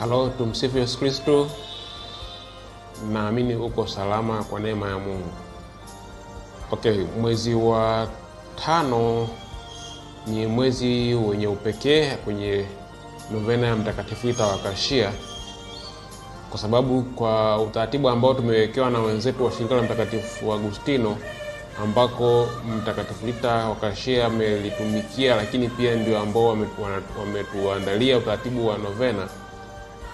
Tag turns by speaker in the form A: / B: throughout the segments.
A: Halo, tumsifu Yesu Kristo. Naamini uko salama kwa neema ya Mungu. Okay, mwezi wa tano ni mwezi wenye upekee kwenye novena ya Mtakatifu itawakashia wa Kashia, kwa sababu kwa utaratibu ambao tumewekewa na wenzetu wa shirika la Mtakatifu Agustino ambako Mtakatifu lita wa Kashia amelitumikia, lakini pia ndio ambao wametuandalia utaratibu wa novena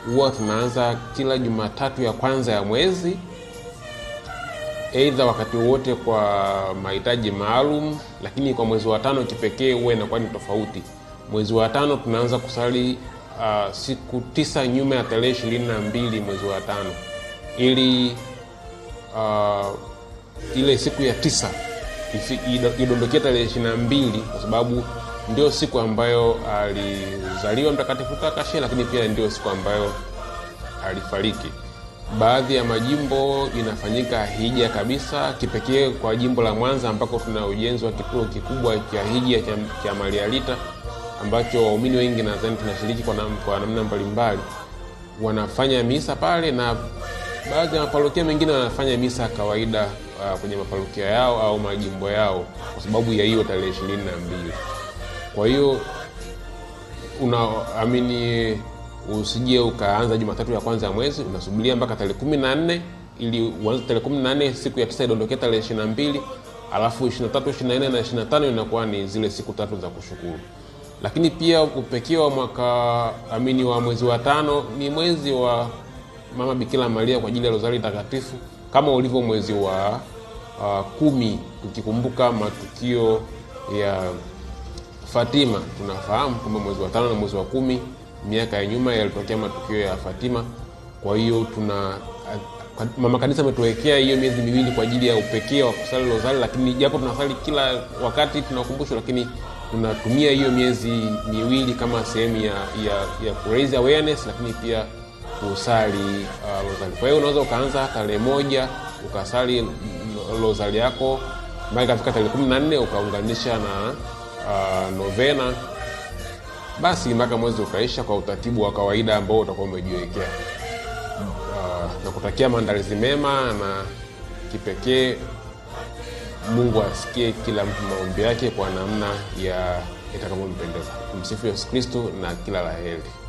A: huwa tunaanza kila Jumatatu ya kwanza ya mwezi, aidha wakati wote kwa mahitaji maalum, lakini kwa mwezi wa tano kipekee huwa inakuwa ni tofauti. Mwezi wa tano tunaanza kusali uh, siku tisa nyuma ya tarehe ishirini na mbili mwezi wa tano ili uh, ile siku ya tisa idondokia tarehe ishirini na mbili kwa sababu ndio siku ambayo alizaliwa Mtakatifu kakashe lakini pia ndio siku ambayo alifariki. Baadhi ya majimbo inafanyika hija kabisa, kipekee kwa jimbo la Mwanza ambako tuna ujenzi wa kituo kikubwa cha hija cha, cha Marialita ambacho waumini wengi nadhani tunashiriki kwa, nam, kwa namna mbalimbali. Wanafanya misa pale na baadhi ya maparokia mengine wanafanya misa ya kawaida uh, kwenye maparokia yao au majimbo yao kwa sababu ya hiyo tarehe ishirini na mbili kwa hiyo unaamini usije ukaanza jumatatu ya kwanza ya mwezi unasubiria mpaka tarehe kumi na nne ili uanze tarehe kumi na nne siku ya tisa idondokea tarehe ishirina mbili alafu ishirina tatu ishiri na nne na ishiri tano inakuwa ni zile siku tatu za kushukuru lakini pia upekee wa mwaka amini wa mwezi wa tano ni mwezi wa mama bikira maria kwa ajili ya rozari takatifu kama ulivyo mwezi wa uh, kumi ukikumbuka matukio ya Fatima, tunafahamu kwamba mwezi wa tano na mwezi wa kumi miaka ya nyuma yalitokea matukio ya Fatima. Kwa hiyo tuna mama kanisa ametuwekea hiyo miezi miwili kwa ajili ya upekee wa kusali lozali lakini japo tunasali kila wakati tunakumbushwa, lakini tunatumia hiyo miezi miwili kama sehemu ya, ya, ya kuraise awareness, lakini pia kusali uh, Kwa hiyo unaweza ukaanza tarehe moja ukasali lozali yako mpaka ikafika tarehe kumi na nne ukaunganisha na uh, novena basi mpaka mwezi ukaisha kwa utaratibu wa kawaida ambao utakuwa umejiwekea uh, na kutakia maandalizi mema na kipekee mungu asikie kila mtu maombi yake kwa namna ya itakavyompendeza msifu yesu kristu na kila laheli